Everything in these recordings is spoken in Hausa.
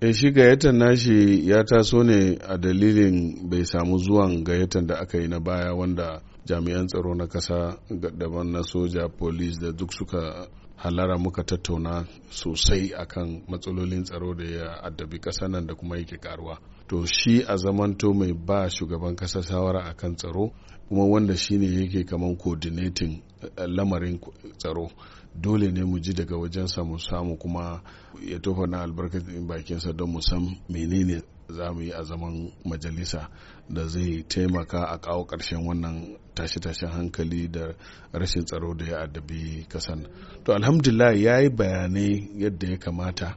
ya eh, shi gayyatar nashi ya taso ne a dalilin bai samu zuwan gayyatar da aka yi na baya wanda jami'an tsaro na kasa daban na soja polis da duk suka halara muka tattauna sosai akan matsalolin tsaro da ya addabi ƙasa nan da kuma yake karuwa to shi a zamanto mai ba shugaban kasa shawara akan tsaro kuma wanda shine yake kaman coordinating eh, lamarin tsaro dole ne mu ji daga wajensa mu samu kuma ya tofa na albarkacin bakinsa don mu san menene za mu yi a zaman majalisa da zai taimaka a kawo ƙarshen wannan tashe-tashen hankali da rashin tsaro da ya addabi kasan to alhamdulillah ya yi bayanai yadda ya kamata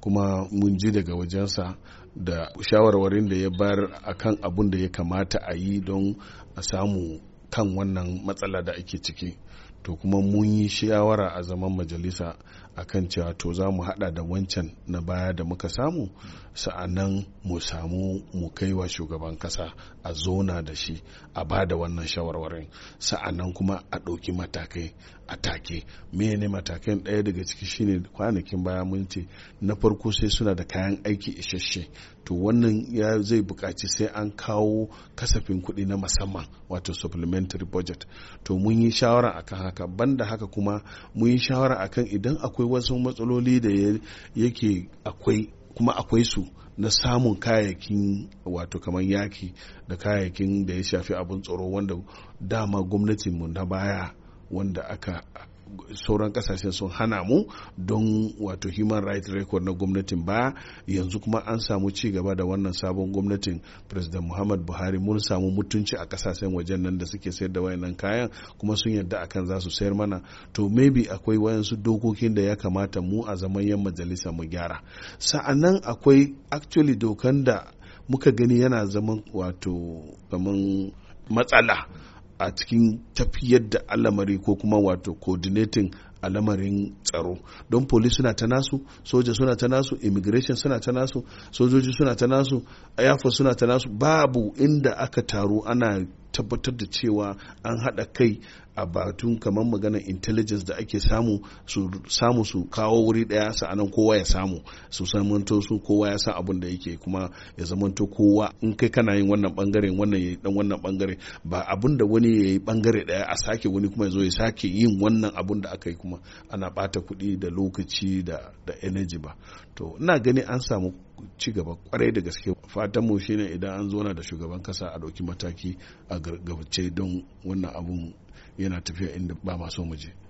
kuma mun ji daga wajensa da shawarwarin da ya bayar kan abun da ya kamata a yi don a samu kan wannan matsala da ake ciki to kuma mun yi shawara a zaman majalisa akan cewa to za mu hada da wancan na baya da muka samu sa'annan mu samu mu kai wa shugaban kasa a zona da shi a ba da wannan shawarwarin sa'annan kuma a ɗauki matakai a take mene matakan ɗaya daga ciki shine kwanakin baya mun ce na farko sai suna da kayan aiki isasshe to wannan ya zai buƙaci sai an kawo kasafin kuɗi na musamman wato supplementary budget to mun yi shawara a akan haka banda haka kuma mun yi shawara akan idan akwai wasu matsaloli da yake akwai kuma akwai su na samun kayayyakin wato kamar yaki da kayayyakin da ya shafi abin tsaro wanda dama gwamnatinmu na baya wanda aka sauran kasashen sun hana mu don wato human rights record na gwamnatin ba yanzu kuma an samu ci gaba da wannan sabon gwamnatin president muhammad buhari mun samu mutunci a kasashen wajen nan da suke sayar da wayannan kayan kuma sun yarda akan za su sayar mana to maybe akwai wayansu dokokin da ya kamata mu a zaman yan majalisa mu gyara sa'annan akwai actually dokan da muka gani yana zaman wato kaman matsala a cikin tafiyar da alamari ko kuma wato coordinating alamarin tsaro don police suna ta nasu soja suna ta nasu immigration suna ta nasu sojoji suna ta nasu ayafa suna ta nasu babu inda aka taru ana tabbatar da cewa an haɗa kai a batun kamar maganar intelligence da ake samu su samu su kawo wuri daya sa'anan kowa ya samu su samanto su kowa ya san abin da yake kuma ya zamanto kowa in kai kana yin wannan bangaren wannan ya dan wannan bangare ba abin da wani ya yi bangare daya a sake wani kuma ya zo ya sake yin wannan abin da aka yi kuma ana bata kuɗi da lokaci da da energy ba to ina gani an samu ci gaba kwarai da gaske fatan mu shine idan an zo na da shugaban kasa a dauki mataki a gargabace don wannan abun yana tafiya inda ba ma so mu